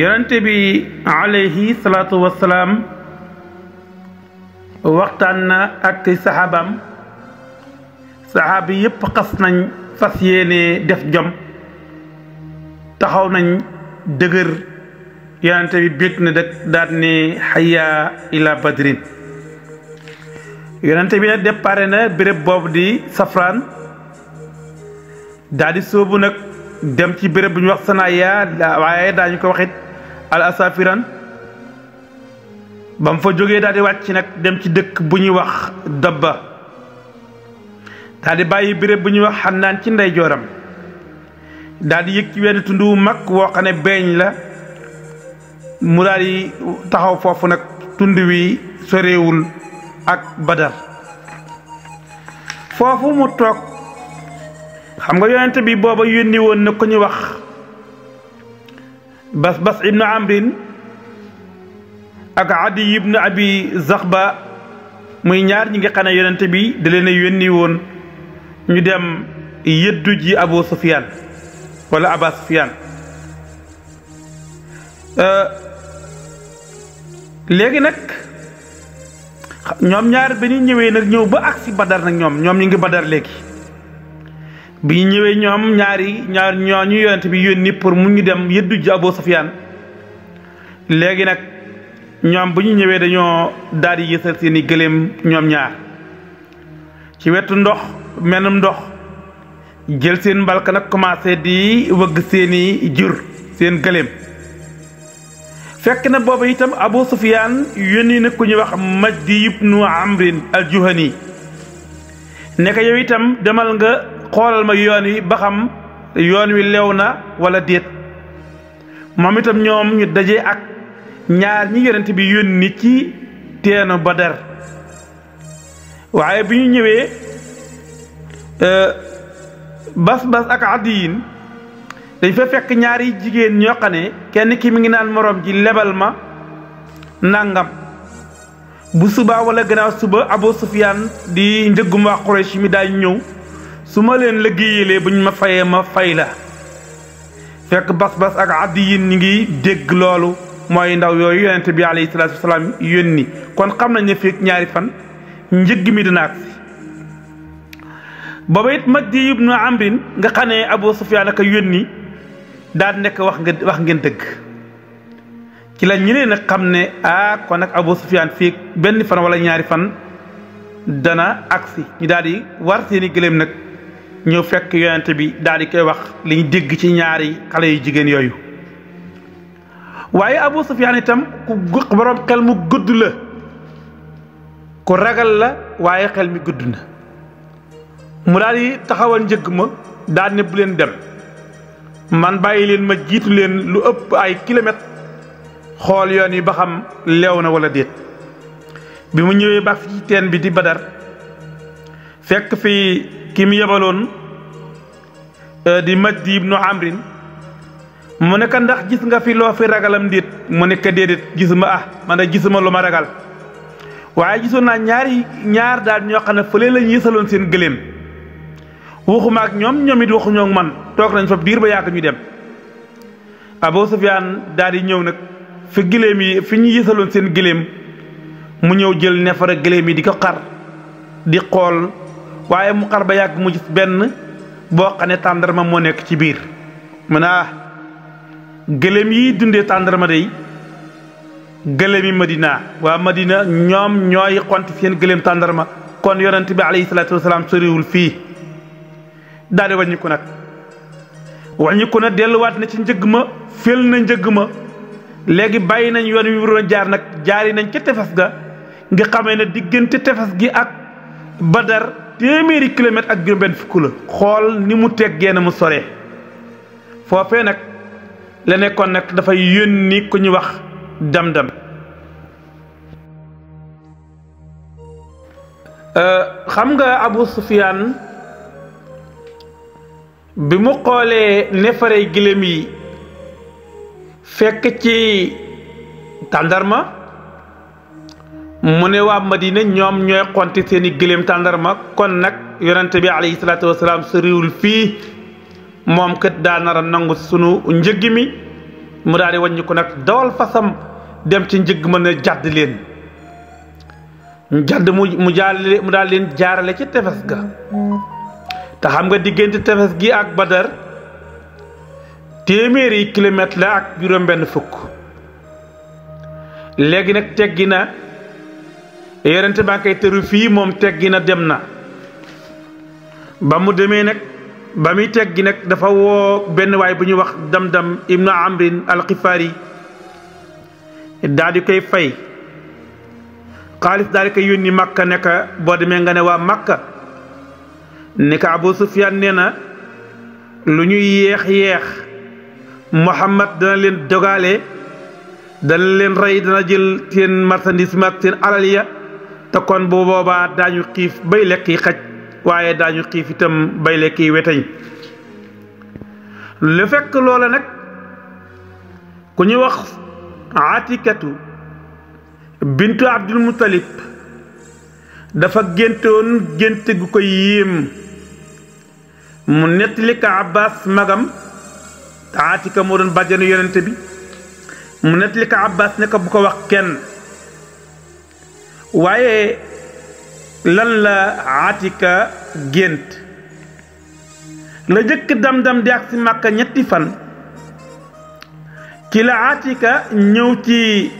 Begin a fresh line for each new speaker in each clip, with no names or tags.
yonente bi alayhi salaatu wasalaam waxtaan na ak saxaabam saxaabi yépp xas nañ fas yéene def jom taxaw nañ dëgër yonente bi bég na dëkk daat ne xayya ila badrin yonente bi nag déparé na béréb boobu di safraan daal di sóobu nag dem ci béréb bu ñu wax sanaaya waaye daañu ko waxit al asafiran ba mu fa jógee daal di wàcc nag dem ci dëkk bu ñuy wax dabba daal di bàyyi béréb bu ñuy wax xannaan ci ndeyjooram daldi di ci wenn tund wu mag woo xam ne beeñ la mu daal taxaw foofu nag tund wi soreewul ak badar foofu mu toog xam nga yonent bi booba yónni woon na ko ñu wax bas bas ibnu amrin ak adi ibnu abi zaxba muy ñaar ñi nga xam ne yonent bi da leen a yónni woon ñu dem yëddu ji abu sufiyaan wala aba sufiyaan euh, léegi nag ñoom ñaar ba ñu ñëwee nag ñëw ba agsi badar nag ñoom ñoom ñu ngi badar léegi bi ñu ñëwee ñoom ñaari ñaar ñoo ñu yonent bi yónni pour mu ñu dem yëddu ji Abu Sufyaan léegi nag ñoom bu ñu ñëwee dañoo daal di yësal seen i gëléem ñoom ñaar ci wetu ndox menum ndox jël seen mbalka nag commencé di wëgg seeni jur seen gëléem fekk na booba itam Abu Sufyaan yónni na ku ñu wax Majdi ibnu Amrin al-Juhani nekk yow itam demal nga xoolal ma yoon yi ba xam yoon wi lew na wala déet moom itam ñoom ñu daje ak ñaar ñi yonent bi ni ci teenu Badar waaye bi ñu ñëwee e, bas bas ak adiyin dañ fa fekk ñaari jigéen ñoo xam kenn ki mi ngi naan moroom ji lebal ma nangam bu subaa wala gannaaw suba Abu Sufyaan di njëggum waa Quraysh mi daañu ñëw su ma leen liggéeyalee buñ ma fayee ma fay la fekk bas-bas ak àddi yin ñi ngi dégg loolu mooy ndaw yooyu yonent bi alayhi salaatu wasalaam kon xam nañ ne ñaari fan njëg mi dina agsi booba it Majdi ibnu Amrin nga xam ne Abu Sufyaan aka yónni daal nekk wax nga wax ngeen dëgg ci la ñu leen a xam ne ah kon nag Abu Sufyaan fii benn fan wala ñaari fan dana agsi ñu daal di war seeni gëléem nag ñëw fekk yonent bi daal di koy wax liñ dégg ci ñaari xale yu jigéen yooyu waaye Abu Sufyaan itam ku borom xel mu gudd la ku ragal la waaye xel mi gudd na mu daal taxawal njëgg ma daal ne leen dem man bàyyi leen ma jiitu leen lu ëpp ay kilomètres xool yoon yi ba xam leew na wala déet bi mu ñëwee ba fii teen bi di Badar fekk fii ki mu yebaloon euh, di Majdi ibnu Amrin mu nekk ndax gis nga fi loo fi ragalam déet mu ne ko déedéet gisuma ah man de gisuma lu ma ragal waaye gisoon naa ñaari ñaar daal ñoo xam ne fële lañ yësaloon seen gëléem waxuma ñoom ñoom it man toog nañ fa biir ba yàgg ñuy dem Abu Sufyaan daal ñëw nag fi gëléem yi fi ñu yësaloon seen gëléem mu ñëw jël nefara gëléem yi di ko xar di xool waaye mu xar ba yàgg mu gis benn boo xam ne tàndarma moo nekk ci biir mu ne ah, gëléem yi dundee tàndarma day gëléem yi madina waa madina ñoom ñooy xonti seen gëléem tàndarma kon yonent bi alayhi salaatu wasalaam soriwul fii daal di wàññiku nag wàññiku na delluwaat na ci njëg ma fél na njëg ma léegi bàyyi nañ yoon wi waroon jaar nag jaari nañ ca tefes ga nga xame ne diggante tefes gi ak badar téeméeri kilomètre ak juróom-benn fukk la xool ni mu teggee na mu sore foofee nag la nekkoon nag dafay yónni ku ñu wax dam-dam euh, xam nga Abu Sufyaan bi mu xoolee neefare gilem yi fekk ci tàndarma mu ne waa Madina ñoom ñooy xonti seen i gëléem tàndarma kon nag yonente bi alayhi salaatu wasalaam sa réewul fii moom kat daa nar a nangu sunu njëgg mi mu daal di nag dawal fasam dem ci njëgg mën a jàdd leen jàdd mu mu jaarale mu daal leen jaarale ci tefes ga te xam nga diggante tefes gi ak Badar téeméeri kilomètre la ak juróom-benn fukk léegi nag teggi na yerente baa koy moom teggi na dem na ba mu demee nag ba muy teggi nag dafa woo benn waay bu ñuy wax dam-dam ibnu amrin alxifaari daal di koy fay xaalis daal di koy yónni makka ne boo demee nga ne waa màkka ne ka abu sufyaan nee na lu ñuy yeex-yeex muhammad dana leen dogaale dana leen rey dana jël seen marchandise ak seen alal ya te kon bu boobaa daañu xiif bay lekk yi xaj waaye daañu xiif itam bay lekk yi weteñ lu fekk loola nag ku ñu wax atikatu bintu abdul muttalib dafa géntoon gént gu ko yéem mu nettali ka abbas magam atika moo doon bàjjanu yonente bi mu nettali ka abbas ne ko bu ko wax kenn waaye lan la Atika gént la jëkk dam-dam di ak si ñetti fan ci la Atika ñëw ci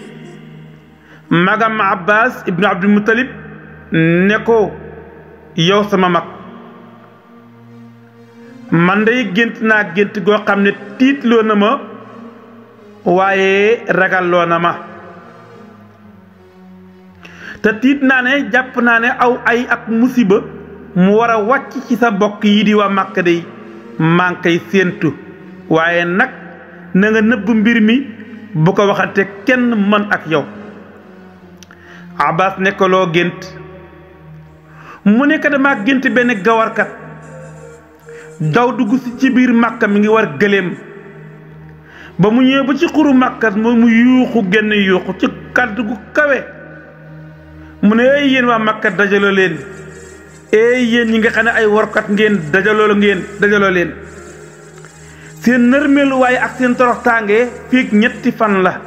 magam Abbas ibnu Abdul Muttalib ne ko yow sama mag man day gént naa gént goo xam ne tiitloo na ma waaye ragalloo na ma te tiit naa ne jàpp naa ne aw ay ak musiba mu war a wàcc ci sa bokk yi di waa màkk day maa ngi séentu waaye nag na nga nëbb mbir mi bu ko waxante kenn mën ak yow abbas ne ko gént mu nekk ko dama gént benn gawarkat daw dugg ci biir màkk mi ngi war gëléem ba mu ñëwee ba ci xuru màkkat moo mu yuuxu génn yuuxu ci kàddu gu kawe mu ne ay yéen waa Makka dajaloo leen ay yéen yi nga xam ne ay warkat ngeen dajaloo ngeen dajaloo leen seen nërmeeluwaay ak seen toroxtaange fii ñetti fan la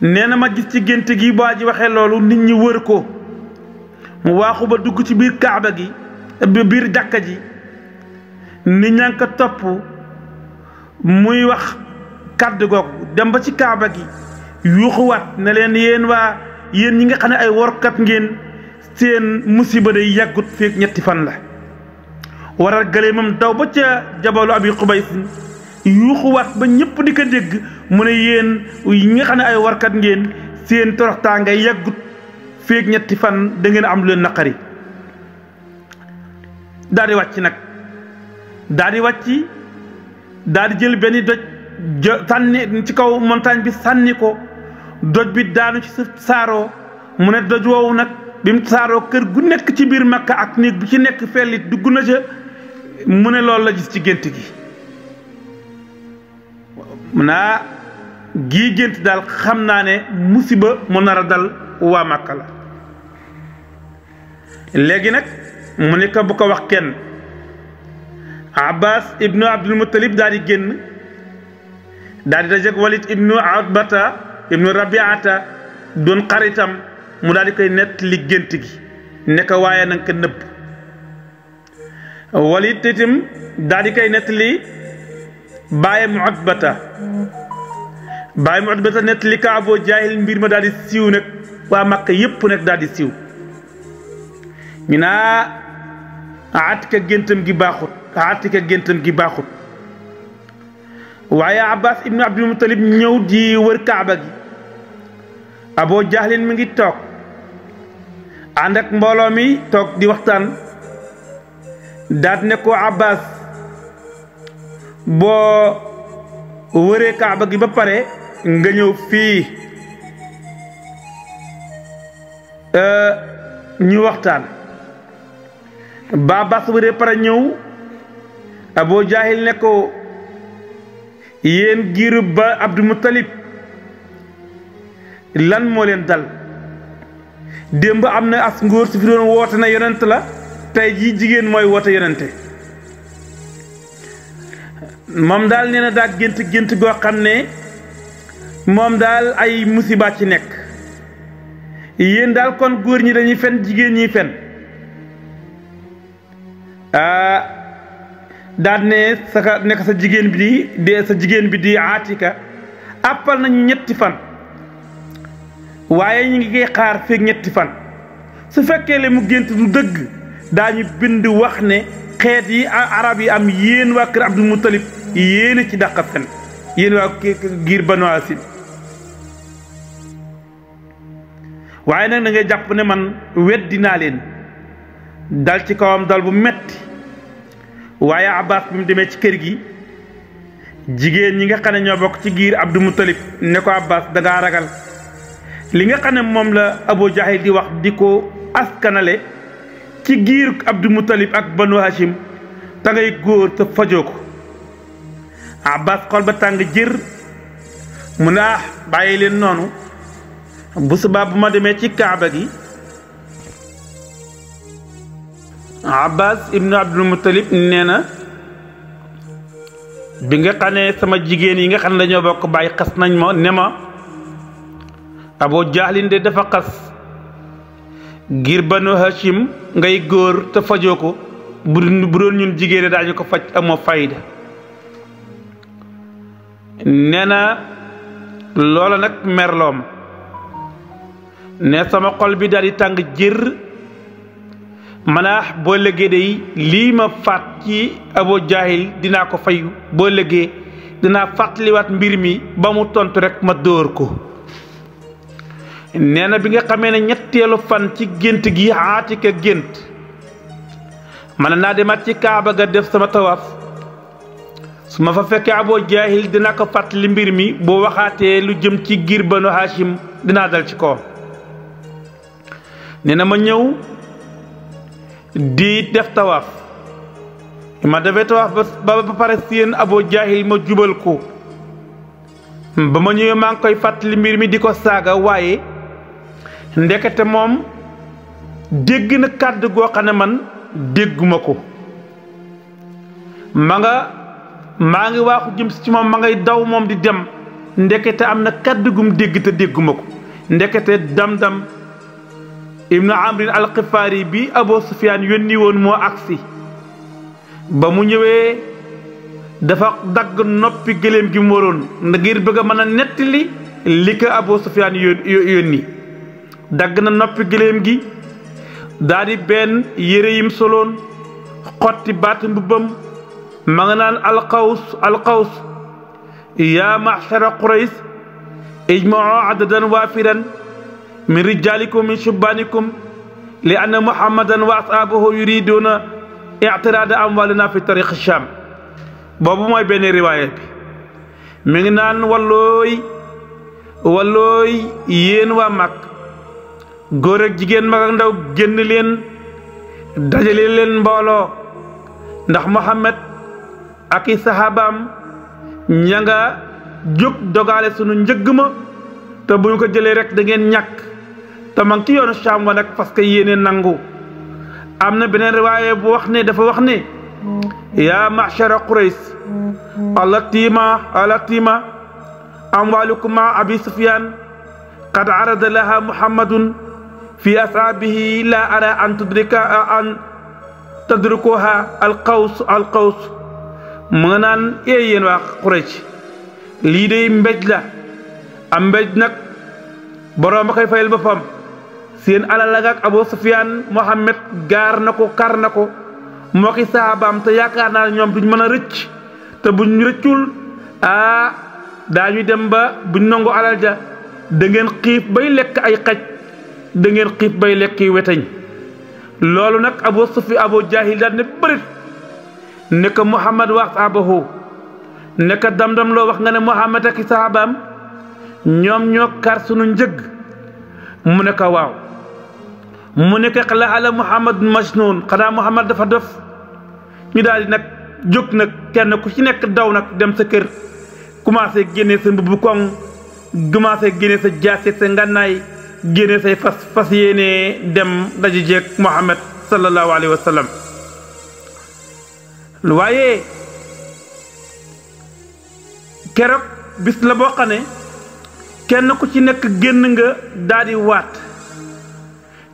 nee na ma gis ci gént gi baa ji waxee loolu nit ñi wër ko mu waaxu ba dugg ci biir kaaba gi biir jàkka ji nit ñaa ngi topp muy wax kàdd googu dem ci kaaba gi yuxuwat ne yen yeen yen yeen ñi nga xane ay ay kat ngeen seen musiba day yagut fek ñetti fan la waral gëleemam daw ba ca jabalu abi xubays yuxuwat ba ñepp di ka deg mu ne yeen yi nga xane ay ay warkat ngeen seen nga yagut fek ñetti fan da ngeen am lu leen naqari daal di wàcc nag jël benn doj sànni ci kaw montagne bi sanni ko doj bi daanu ci saaroo mu ne doj woowu nag bi mu saaroo kër gu nekk ci biir makka ak néeg bu ci nekk fellit dugg na ca mu ne loolu la gis ci gént gi naa gi gént daal xam naa ne musiba mu nar a dal waa makka la léegi nag mu ne bu ko wax kenn abbas ibnu abdul muttalib daal di génn daal di dajeek walid ibnu abata ibnu rabiata doon xaritam mu daal di koy nett gént gi ne ko waaye na nga ko nëbb walid itam daal di koy nett li bàyyam utbata bàyyam utbata nett li ka jaahil mbir ma daal siiw nag waa Makka yépp nag daal di siiw ñu naa ah, Atika géntam gi baaxut Atika géntam gi baaxut waaye Abbas ibnu Abdul Mutalib ñëw di wër Kaaba gi aboo jaxlin mi ngi toog ànd ak mbooloo mi toog di waxtaan daat ne ko abbas boo wëree kaaba gi ba pare nga ñëw fii ñu waxtaan ba abbas wëree pare ñëw aboo jaxil ne ko yéen giirub ba abdul muttalib lan moo leen dal démb am na as ngóor su fi doon woote na yonent la tey jii jigéen mooy woote yonente moom daal nee na daal gént gént goo xam ne moom daal ay musiba ci nekk yéen daal kon góor ñi dañuy fen jigéen ñi fen ah daal ne sa nekk sa jigéen bi di de sa jigéen bi di aatika àppal nañu ñetti fan waaye ñu ngi koy xaar feeg ñetti fan su fekkee le mu gént du dëgg daañu bind wax ne xeet yi arab yi am yéen waa kër Abdul Muttalib yéen ci dàqa fen yéen waa giir Banu Haasim waaye nag da nga jàpp ne man weddi naa leen dal ci kawam dal bu metti waaye Abbas bi mu demee ci kër gi jigéen ñi nga xam ne ñoo bokk ci giir Abdul Muttalib ne ko Abbas da ragal li nga xam ne moom la Abu Jahil di wax di ko askanale ci giir Abdou Muttalib ak Banu Hashim ta ngay góor te fajoo ko Abbas xol ba tàng jër mu ne ah, bàyyi leen noonu bu subaa bu ma demee ci kaaba gi Abbas ibnu Abdul Muttalib nee na bi nga xam ne sama jigéen yi nga xam ne dañoo bokk bàyyi xas nañ ma ne ma aboo jaaxlin de dafa xas ngir banu hashim ngay góor te fajoo ko bu bu doon ñun jigéen de daañu ko faj amoo fayda nee na loola nag merloom ne sama xol bi daal tàng jër manaax boo légee day lii ma faat ci abo jaahil dinaa ko fayu boo légee dinaa fàttaliwaat mbir mi ba mu tontu rekk ma dóor ko nee na bi nga xamee ne ñetteelu fan ci gént gi Aatika gént mën naa demaat ci Kaaba ga def sama tawaaf su ma fa fekkee aboo Jaahil dina ko fàttali mbir mi boo waxaatee lu jëm ci giir Banu Haashim dinaa dal ci kawam nee na ma ñëw di def tawaaf ma defee tawaaf ba ba pare seen Abu ma jubal ko ba ma ñëwee maa ngi koy fàttali mbir mi di ko saaga waaye ndekete moom dégg na kàdd goo xam ne man dégguma ko ma nga maa ngi waaxu jëm si ci moom ma ngay daw moom di dem ndekete am na kàddu gum dégg te dégguma ko ndekete dam-dam ibnu amrin alxifaari bi Abu Sufyaan yónni woon moo agsi ba mu ñëwee dafa dagg noppi gëléem gi mu waroon ngir bëgg a mën a nettali li ko Abu Sufyaan yónni dagg na noppi gëléem gi daldi benn yére yim soloon xotti baat mbubbam ma nga naan alxaws alxaws yaa maxshara qurays ijmao adadan waafiran min rijaalikum min shubbaanikum li anna muhammadan wa asaabahu yuriduuna ictiraada amwaalina fi tariq sham boobu mooy benn riwaaya bi mi ngi naan wallooy wallooy yéen waa màkk góor ak jigéen mag ak ndaw génn leen dajale leen mbooloo ndax Muhammad ak i saxaabaam ña jóg dogaale sunu njëgg ma te bu ñu ko jëlee rek dangeen ngeen ñàkk te ma ngi ci yoonu Saam wa nag parce que yéene nangu am na beneen riwaaye bu wax ne dafa wax ne yaa machara Qurays alatiima alatiima amwaalukum ma abi Sufyaan qad arada muhammadun fi ashabihi la ara an tudrika an tadrukuha al qaws al qaws manan e yen wa quraish li de mbej la am mbej nak borom kay fayal ba fam sen ala lag ak abu sufyan Muhammad, gar nako kar nako moki sahabam te yakar na ñom duñ meuna recc te buñ reccul a dañu dem ba buñ nongo alal ngeen xif bay lek ay xajj dangeen ngeen xiif bay lekki weteñ loolu nag abu sufi abu jahil daal ne bërit ne ko muhammad wax saabahu ne ko dam-dam loo wax nga ne muhammad ak saabaam ñoom ñoo kar sunu njëg mu ne ko waaw mu ne ko laala muhammad majnun xanaa muhammad dafa dof ñu daal di nag jóg nag kenn ku ci nekk daw nag dem sa kër commencé génnee sa mbubb koŋ commencé génnee sa jaase sa ngànnaay génne say fas fas yéene dem daje jeeg Muhammad sallallahu alayhi wa waaye keroog bis la boo xam ne kenn ku ci nekk génn nga daal waat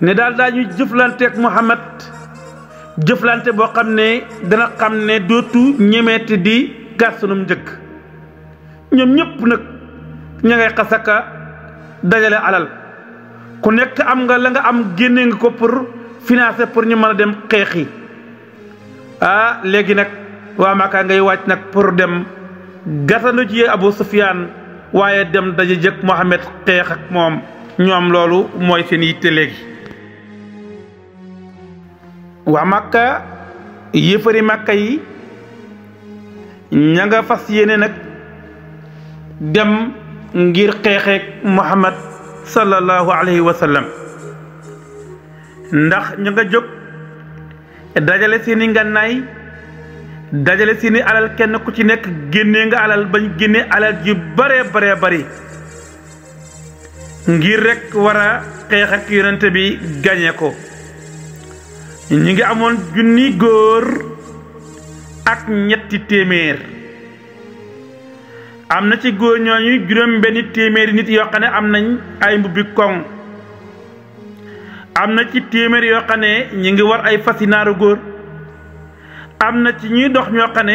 ne daal daañu jëflanteeg Muhammad jëflante boo xam ne dana xam ne dootu ñemeeti di gar njëkk ñoom ñëpp nag ña ngay xasaka dajale alal ku nek am nga la nga am genné nga ko pour financer pour ñu mëna a dem xeexi ah légui nak wa Maka ngay wacc nak pour dem gasandu ci Abu sufyan waye dem daje Muhammad mohammed xex ak moom ñoom lolu moy seen yitte léegi waa Màkka yëfari Màkka yi ña fas yene nak dem ngir xeexeek Muhammad sallallahu alayhi wa sallam ndax ñu nga jóg dajale seeni ngànnaay dajale seeni alal kenn ku ci nekk génne nga alal bañ génnee alal ji bare bare bari ngir rek wara a xeex yonente bi gañe ko ñu ngi amoon junni góor ak ñetti téeméer am na ci góor ñooñu juróom benni téeméeri nit yoo xam ne am nañ ay mbubbi koŋ am na ci téeméeri yoo xam ne ñu ngi war ay fas yi naaru góor am na ci ñuy dox ñoo xam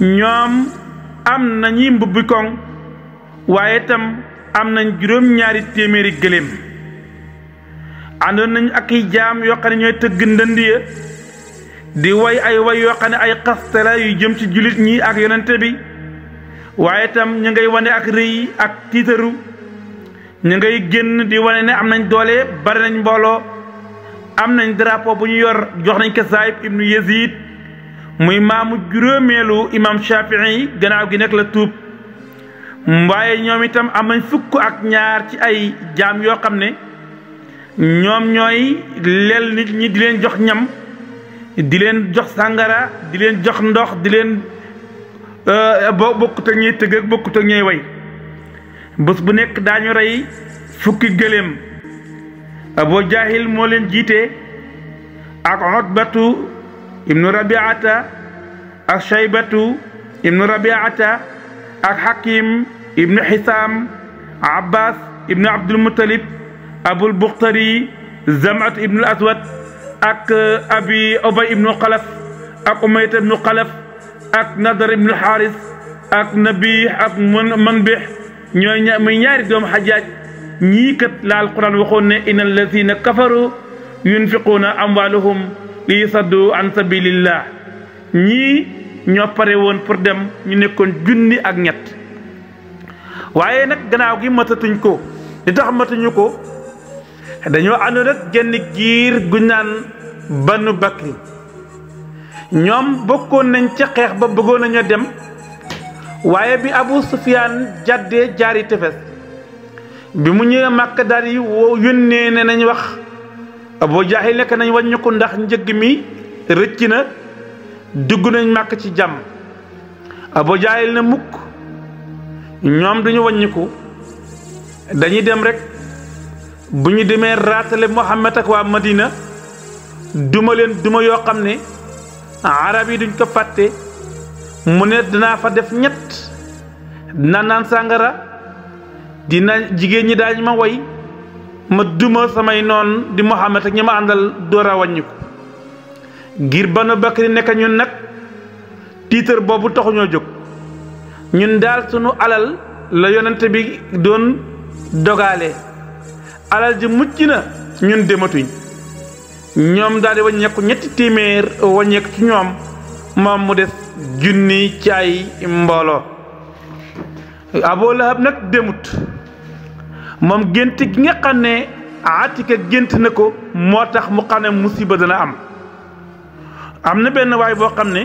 ñoom am nañuy mbubbi koŋ waaye tam am nañ juróom ñaari téeméeri gëléem àndoon nañ ak i jaam yoo xam ñooy tëgg ndënd ya di woy ay way yoo xam ne ay xastala yu jëm ci jullit ñi ak yonente bi waaye itam ñu ngay wane ak rëy ak tiitaru ñu ngay génn di wane ne am nañ doole bari nañ mbooloo am nañ drapeau bu ñu yor jox nañ ko Saïb ibnu Yazid muy maamu juróomeelu imam Shafii gannaaw gi nag la tuub waaye ñoom itam am nañ fukk ak ñaar ci ay jaam yoo xam ne ñoom ñooy leel nit ñi di leen jox ñam di leen jox sàngara di leen jox ndox di leen Euh, boo bokkut ak ñuy bu nekk daañu rey fukki gëléem abu jahil moo leen jiite ak otbatu ibnu rabiata ak shaybatu ibnu rabiata ak hakim ibnu hisam abbas ibnu abdulmutalib abul buxtari zamat ibnu aswad ak abi obay ibnu xalaf ak umayta ibnu xalaf ak nadar ibnu xaaris ak nabiix ak manbix muy ñaari doom xajaaj ñii kat la alquran waxoon ne in alladina kafaru yunfiquuna amwaalahum li yusaddu pour dem ñu nekkoon junni ak ñett waaye nag gannaaw gi matatuñ ko li tax matuñu ko dañoo àndoon ak genn giir gu naan banu bakri ñoom bokkoon nañ ca xeex ba bëggoon nañu dem waaye bi Abu Sufyaan jàddee jaari tefes bi mu ñëwee màkk daal yi woo yónnee ne nañ wax Abu Jaahil nekk nañ wàññi ndax njëg mi rëcc na dugg nañ màkk ci jàmm Abu Jaahil ne mukk ñoom duñu wàññiku dañuy dem rekk bu ñu demee raatale Muhammad ak waa Madina duma leen duma yoo xam ne arab yi duñ ko fàtte mu ne dinaa fa def ñett dina naan sàngara dina jigéen ñi daañu ma woy ma duma samay noon di Muhammad ak ñi ma àndal door a wàññiku ngir ba Bakri nekk ñun nag tiitar boobu taxuñoo jóg ñun daal sunu alal la yonent bi doon dogaale alal ji mucc na ñun dematuñ ñoom daal di wàññeeku ñetti téeméer wàññeeku ci ñoom moom mu des junni ci ay mbooloo Abu Lahab nag demut moom gént gi nga xam ne Atika gént na ko moo tax mu xam ne musiba dana am am na benn waay boo xam ne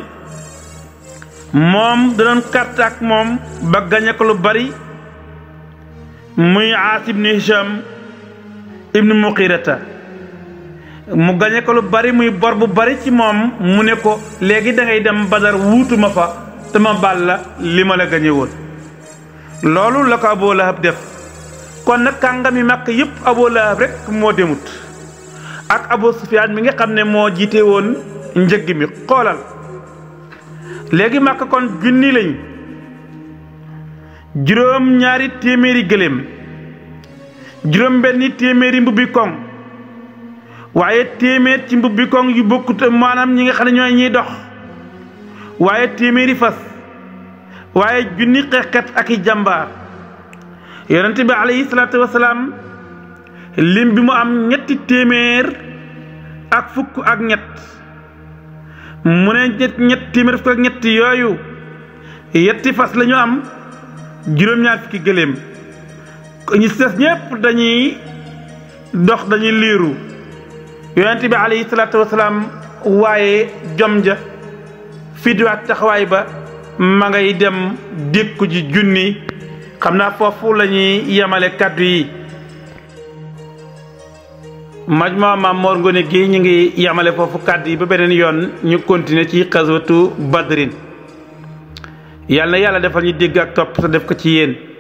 moom danoon kàrt ak moom ba gañe lu bari muy Aas ibnu Hisham ibnu Muqirata mu gañe ko lu bari muy bor bu bari ci moom mu ne ko léegi da dem badar wuutuma fa te ma baal la li ma la gañe woon loolu la ko Abu Lahab def kon nag kàngami màkk yépp Abu Lahab rek moo demut ak Abu Sufyaan mi nga xam ne moo jiite woon njëgg mi xoolal léegi màkk kon junni lañ juróom ñaari téeméeri gëléem juróom benni téeméeri mbubbi koŋ waye témèr ci mbubbi koŋ yu manam manam ñi nga xam ñoy ñi ñiy dox waaye téeméeri fas waye junni xeexkat ak jambar yaronte bi alayhi salatu wassalam lim bi mu am ñetti témèr ak fukk ak ñet mune ñet ñet témèr fukk ak ñet yoyu yetti fas lañu am juroom ñaar fukki gelem ñi ses ñepp dañuy dox dañuy liru yonent bi alayhi salaatu waaye jom ja fiddu ak taxawaay ba ma ngay dem dékku ji junni xam naa foofu la ñuy yemale kàddu yi majmua Maam Mor Ngoné gi ñu ngi yamale foofu kàddu yi ba beneen yoon ñu continuer ci xaswatu badrin yàlla na yàlla defal ñu dégg ak topp sa def ko ci yéen